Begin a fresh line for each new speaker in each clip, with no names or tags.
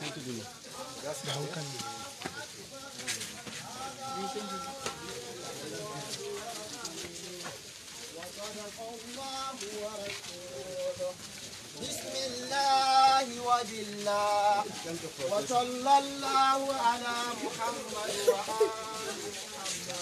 can't do بسم الله وبالله وصلى الله على محمد وآل محمد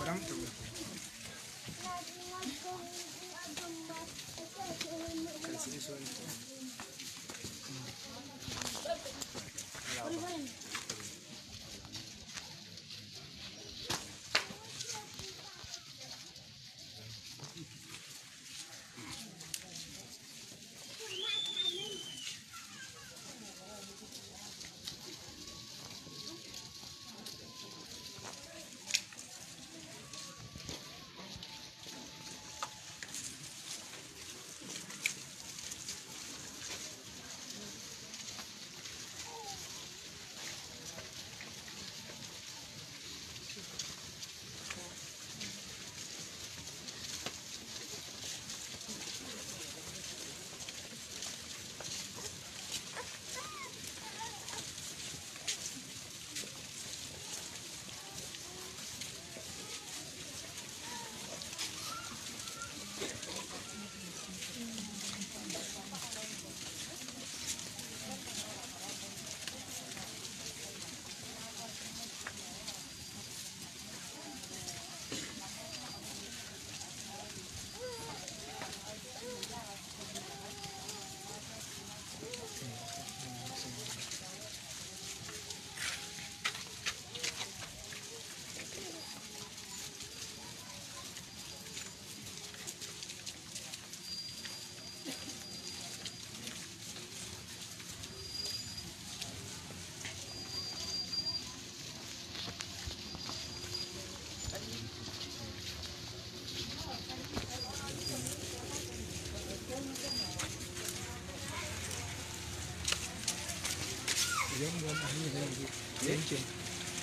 Barang tu. Kan sini suara. 的，棉剪，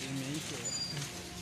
棉棉剪。